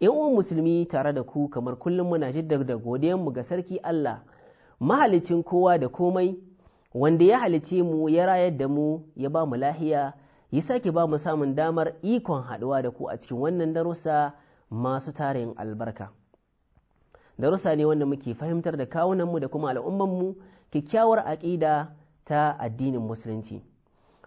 in uwan musulmi tare da ku kamar kullum muna jiddar da mu ga sarki Allah mahalicin kowa da komai wanda ya halice mu ya rayar da mu ya ba mu lahiya ya sake ba mu samun damar ikon haɗuwa da ku a cikin wannan darussa masu tarin albarka darussa ne wanda muke fahimtar da kawunan mu da kuma al'ummanmu kyakkyawar aƙida ta addinin musulunci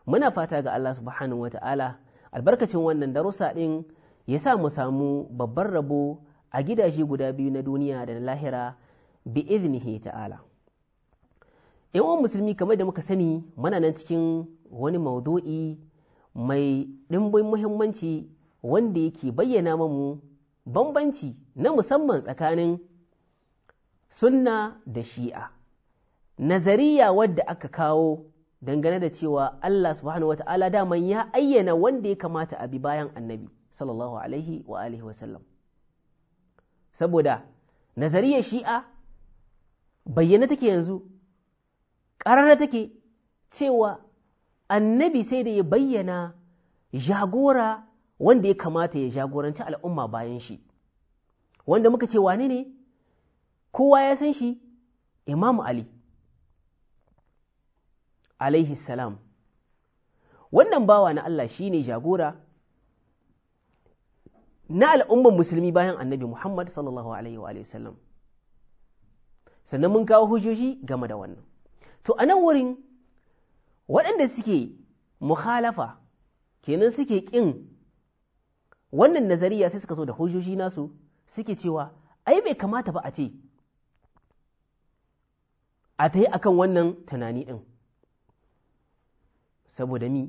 muna fata ga Allah subhanahu wata'ala albarkacin wannan darussa ɗin ya sa mu samu babban rabo a gidaje guda biyu na duniya da na lahira bi iznihi ta'ala yan uwan musulmi kamar da muka sani muna nan cikin wani maudu'i mai ɗimbin muhimmanci wanda yake bayyana mamu bambanci na musamman tsakanin sunna da shi'a nazariya wadda aka kawo dangane da cewa Allah subhanahu ta'ala daman ya ayyana wanda ya kamata a bi bayan annabi sallallahu alaihi wa alihi wa sallam saboda nazariyar shi'a bayyana take yanzu ƙararra take cewa annabi sai da ya bayyana jagora wanda ya kamata ya jagoranci al'umma bayan shi wanda muka ce wane ne kowa ya san shi imamu ali alaihi salam wannan bawa na Allah shi ne jagora na al'umman musulmi bayan annabi Muhammad sallallahu alaihi wa sallam sannan mun kawo hujjoji game da wannan to a nan wurin waɗanda suke mukhalafa kenan suke ƙin wannan nazariya sai suka so da hujjoji nasu suke cewa ai bai kamata ba a ce a ta yi akan wannan tunani ɗin saboda mi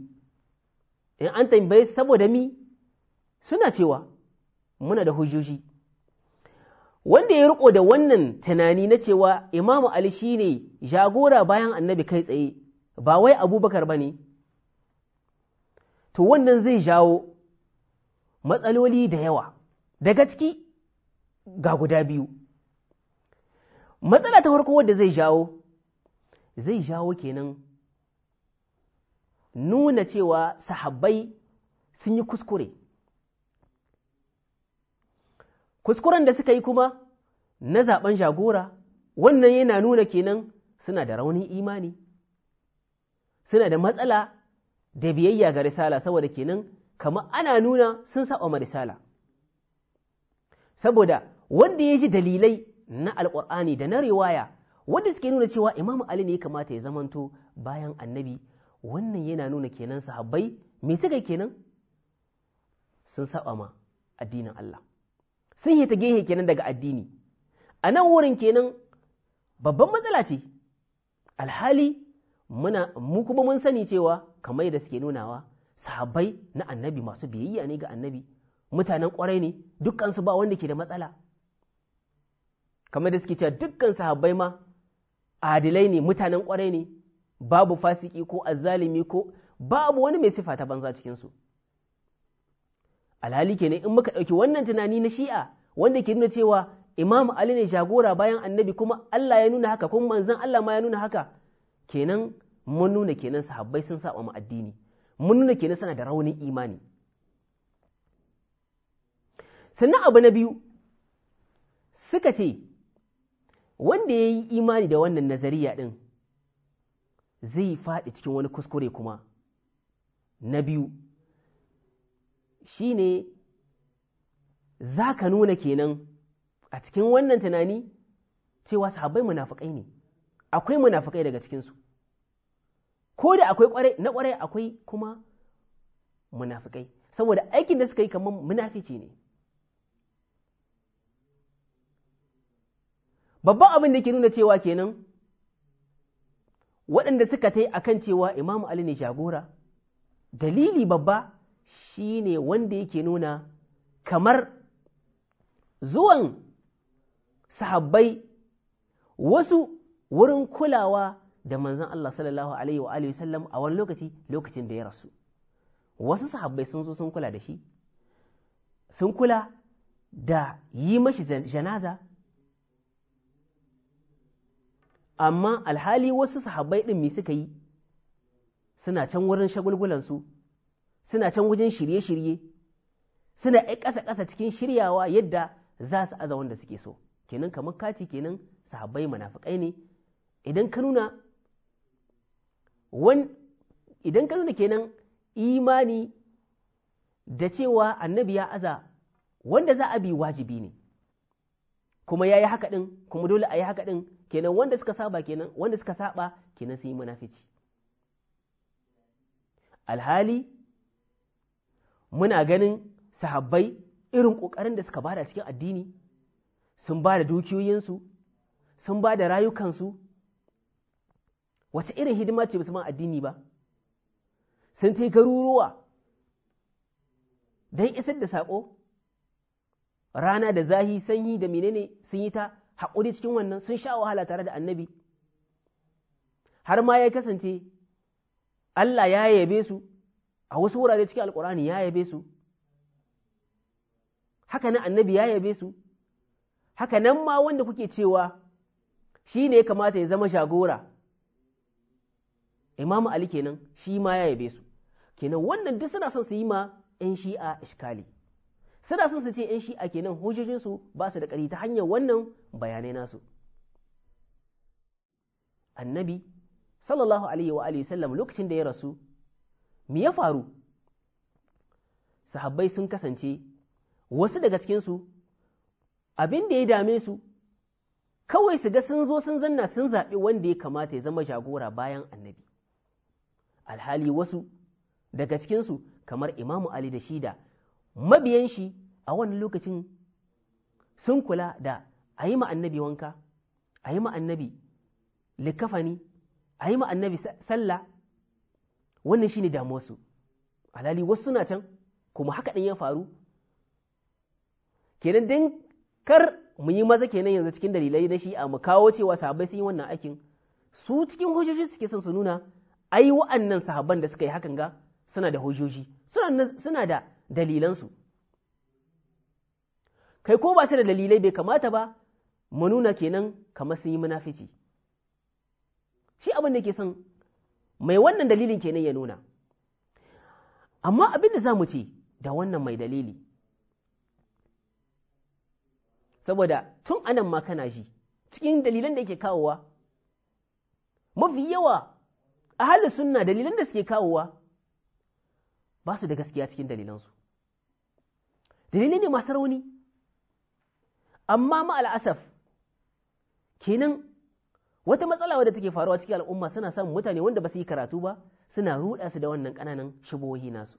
in an tambaye saboda mi suna cewa muna da hujjoji wanda ya riko da wannan tunani na cewa imamu ali shine jagora bayan annabi kai tsaye ba wai abubakar ba ne to wannan zai jawo matsaloli da yawa daga ciki ga guda biyu matsala ta farko wadda zai jawo zai jawo kenan nuna cewa sahabbai sun yi kuskure kuskuren da suka yi kuma na zaben jagora wannan yana nuna kenan suna da raunin imani suna da matsala da biyayya ga risala saboda kenan kama ana nuna sun saba ma risala saboda wanda ya ji dalilai na alkur'ani da na riwaya wanda suke nuna cewa imamu ali ne ya kamata ya zamanto bayan annabi wannan yana nuna kenan sahabbai me suka kenan sun saba ma addinin Allah sun hita gehe kenan daga addini a nan wurin kenan babban matsala ce alhali muna mu kuma mun sani cewa kamar da suke nunawa sahabbai na annabi masu biyayya ne ga annabi mutanen kwarai ne su ba wanda ke da matsala kamar da suke cewa dukkan sahabbai ma adilai ne mutanen kwarai ne babu fasiki ko azzalimi ko babu wani mai sifa ta banza cikinsu alhali kenan in muka ɗauki wannan tunani na shi'a wanda ke nuna cewa imam ali ne jagora bayan annabi kuma allah ya nuna haka kuma manzon allah ma ya nuna haka kenan mun nuna kenan sahabbai sun saba mu addini mun nuna kenan suna da raunin imani sannan abu na biyu suka ce wanda ya yi imani da wannan nazariya ɗin zai faɗi cikin wani kuskure kuma na biyu shi ne za ka nuna kenan a cikin wannan tunani cewa sahabbai munafukai ne akwai munafukai daga cikinsu ko da akwai kwarai na kwarai akwai kuma munafukai saboda aikin da suka yi kamar munafici ne babban abin da ke nuna cewa kenan waɗanda suka ta yi akan cewa imamu ali ne jagora dalili babba shi ne wanda yake nuna kamar zuwan sahabbai wasu wurin kulawa da manzon Allah sallallahu alaihi wa sallam a wani lokaci lokacin da ya rasu wasu sahabbai sun zo sun kula da shi sun kula da yi mashi janaza amma alhali wasu sahabbai ɗin me suka yi suna can wurin shagulgulansu suna can wajen shirye-shirye suna ai ƙasa-ƙasa cikin shiryawa yadda za su aza wanda suke so kenan kamar kati kenan sahabbai munafikai ne idan ka nuna idan ka nuna kenan imani da cewa annabi ya aza wanda za a bi wajibi ne kuma ya yi haka ɗin kuma dole a yi haka ɗin kenan wanda suka saba kenan wanda suka saba kenan sun yi munafici alhali muna ganin sahabbai irin ƙoƙarin da suka bada cikin addini sun bada dukiyoyinsu sun bada rayukansu wace irin hidima ce musamman addini ba sun ta garuruwa don isar da saƙo rana da zahi sanyi da menene sun yi ta haƙuri cikin wannan sun sha wahala tare da annabi har ma ya kasance Allah ya yabe su a wasu wurare cikin alkur'ani ya yabe su haka nan annabi ya yabe su haka nan ma wanda kuke cewa shi ne ya kamata ya zama shagora imamu ali kenan shi ma ya yabe su kenan wannan duk suna son su yi ma 'yan shi'a iskali suna son su ce 'yan shi'a kenan su ba su da ƙari ta hanyar wannan bayanai nasu annabi sallallahu alaihi wa alihi sallam lokacin da ya rasu me ya faru sahabbai sun kasance wasu daga cikinsu abin da ya dame su kawai su ga sun zo sun zanna sun zaɓi wanda ya kamata ya zama jagora bayan annabi alhali wasu daga cikinsu kamar imamu ali da shida mabiyan shi a wani lokacin sun kula da a yi annabi wanka a yi annabi likafani a yi annabi sallah wannan shine damuwarsu alali wasu suna can kuma haka ɗin ya faru kenan dan kar mu yi maza kenan yanzu cikin dalilai na shi mu kawo cewa sahabbai sun yi wannan aikin su cikin hujjoji suke son su nuna ai wa'annan sahabban da suka yi hakan ga suna da hujjoji suna da dalilansu kai ko ba su da dalilai bai kamata ba mu nuna kenan kamar sun yi munafici shi abin da ke son mai wannan dalilin kenan ya nuna amma abin da za mu ce da wannan mai dalili saboda tun anan ma kana shi cikin dalilan da yake kawowa mafi yawa a halin sunna dalilan da suke kawowa ba su da gaskiya cikin dalilansu dalilai ne masu rauni amma ma al'asaf kenan wata matsala wadda take faruwa cikin al'umma suna samun mutane wanda ba su yi karatu ba suna ruɗa su da wannan ƙananan shubohi nasu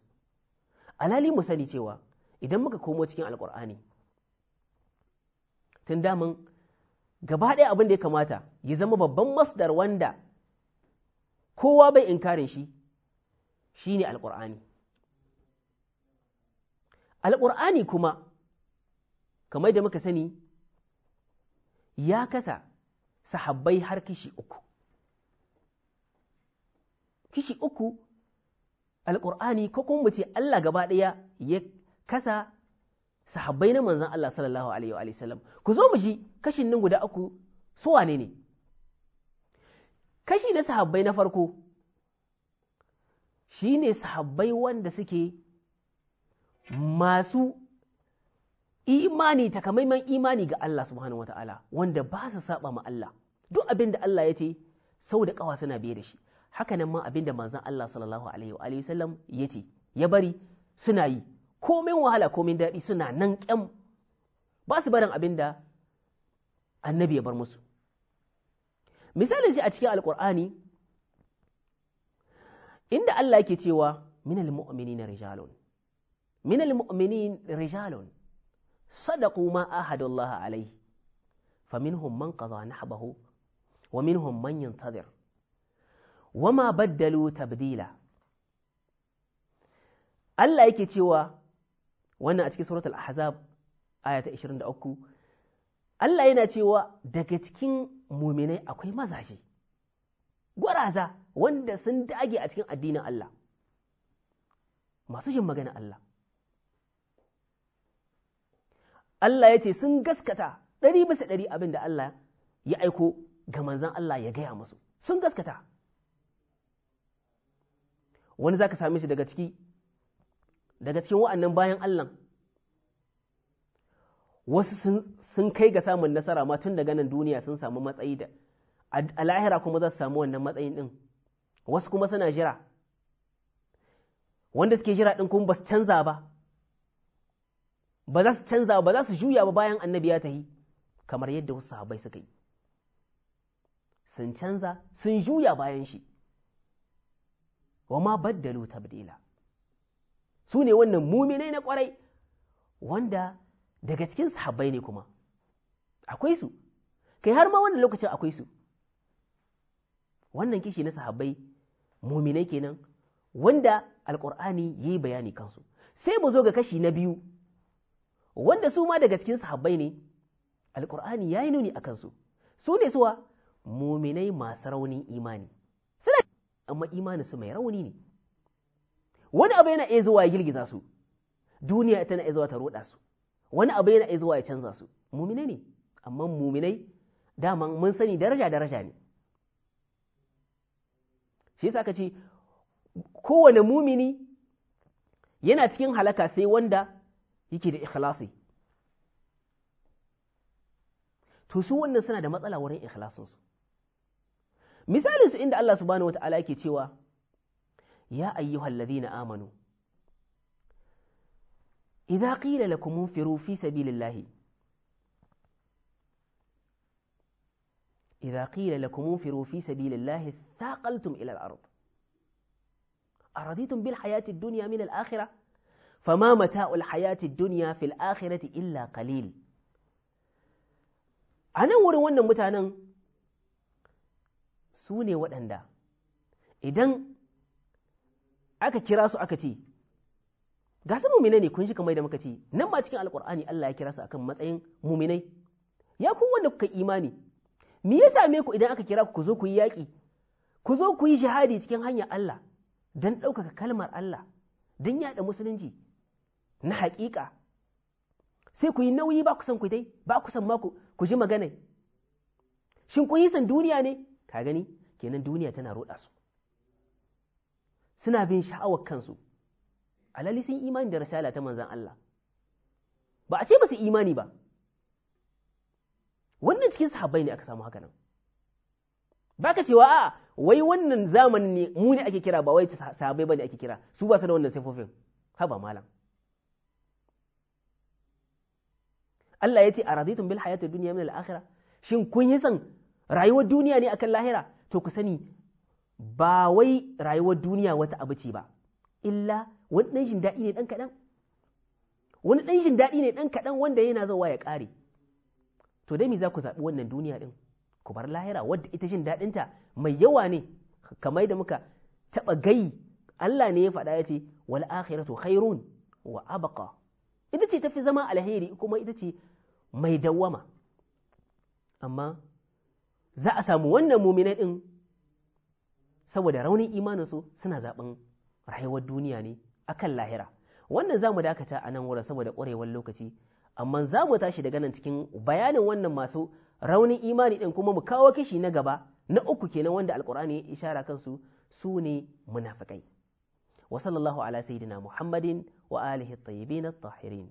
alali mu sani cewa idan muka komo cikin alƙur'ani tun daman gaba ɗaya abin da ya kamata ya zama babban masdar wanda kowa bai inkarin shi shine alƙur'ani alƙur'ani kuma kamar da muka sani ya kasa sahabbai har kishi uku kishi uku alƙur'ani ko kuma mu Allah gaba ɗaya ya kasa sahabbai na manzan Allah sallallahu alaihi wa ku zo mu ji kashin nan guda uku su wane ne kashi na sahabbai na farko shine sahabbai wanda suke masu imani takamaiman imani ga Allah subhanahu ta’ala wanda ba su saba ma Allah duk abin da Allah ya ce sau da ƙawa suna biye da shi haka nan ma abin da manzon Allah sallallahu alaihi wa sallam ya ce ya bari suna yi komin wahala komin daɗi suna nan ƙyam ba su barin abin da annabi ya bar musu misali shi a cikin alƙur'ani inda Allah yake cewa minal mu'minina rijalun minal mu'minin rijalun sadaqu ma ahadallaha alaihi faminhum man qada nahbahu wa minhum man yantazir wama baddalu tabdila Allah yake cewa wannan a cikin suratul ahzab aya ta 23 Allah yana cewa daga cikin muminai akwai mazaje gwaraza wanda sun dage a cikin addinin Allah masu jin magana Allah Allah ya ce sun gaskata ɗari bisa ɗari abin da Allah ya aiko ga manzan Allah ya gaya musu sun gaskata wani za ka same shi daga ciki daga cikin wa'annan bayan Allah wasu sun kai ga samun nasara ma tun daga nan duniya sun samu matsayi da a lahira kuma za su samu wannan matsayin ɗin wasu kuma suna jira wanda suke jira ɗin kuma ba su canza ba ba za su canza ba za su juya ba bayan annabi ya ta tahi kamar yadda wasu sahabai suka yi sun canza sun juya bayan shi wa ma baddalu tabdila su ne wannan muminai na kwarai wanda daga cikin sahabbai ne kuma akwai su kai har ma wannan lokacin akwai su wannan kishi na sahabbai muminai kenan wanda alkur'ani ya yi bayani kansu sai mu zo ga kashi na biyu wanda su ma daga cikin sahabbai ne alkur'ani ya yi nuni a kansu su ne suwa muminai masu raunin imani suna amma imani su mai rauni ne wani abu yana iya zuwa ya girgiza su duniya tana iya zuwa ta roda su wani abu yana iya zuwa ya canza su muminai ne amma muminai dama mun sani daraja daraja ne shi yasa aka ce kowane mumini yana cikin halaka sai wanda yake da ikhlasi to su wannan suna da matsala wurin ikhlasinsu misalin inda Allah subhanahu wata'ala yake cewa ya ayyuhal ladhina amanu idza qila lakum unfiru fi sabilillahi idza qila lakum unfiru fi sabilillahi thaqaltum ila al-ard أرضيتم بالحياة الدنيا من fama فما متاع hayati الدنيا في الآخرة إلا قليل a nan wurin wannan mutanen su ne waɗanda idan aka kira su aka ce ga su muminai ne kun shi kamar da muka ce nan ma cikin alkur'ani Allah ya kira su akan matsayin muminai ya ku wanda kuka imani me ya same ku idan aka kira ku zo ku yi yaƙi ku zo ku yi shahadi cikin hanyar Allah don ɗaukaka kalmar Allah don yaɗa musulunci na haƙiƙa sai ku yi nauyi ba ku san ku dai ba ku san ma ku ji magana shin kun yi san duniya ne ka gani kenan duniya tana roɗa su suna bin sha'awar kansu alali sun imani da risala ta manzan Allah ba a ce ba su imani ba wannan cikin sahabbai ne aka samu haka nan ba ka cewa a wai wannan zamanin ne mu ne ake kira ba wai sahabbai ba ne ake kira su ba su da wannan sifofin haba malam Allah ya ce a razitun bil hayatu dunya min al-akhirah shin kun yi san rayuwar duniya ne akan lahira to ku sani ba wai rayuwar duniya wata abu ce ba illa wani ɗan jin daɗi ne ɗan kaɗan wani ɗan jin daɗi ne ɗan kaɗan wanda yana zawa ya ƙare to dai me za ku zaɓi wannan duniya ɗin ku bar lahira wadda ita jin daɗinta mai yawa ne kamar da muka taɓa gai Allah ne ya faɗa ya ce wal akhiratu khairun wa abqa ita ce tafi zama alheri kuma ita ce mai dawwama amma za a samu wannan muminai ɗin saboda raunin imaninsu suna zaɓin rayuwar duniya ne akan lahira wannan za mu dakata a nan wurin saboda ƙwarewar lokaci amma za mu tashi daga nan cikin bayanin wannan masu raunin imani ɗin kuma mu kawo kishi na gaba na uku kenan wanda alkur'ani ya ishara kansu su ne munafikai wa sallallahu ala sayyidina muhammadin wa alihi at-tayyibin at-tahirin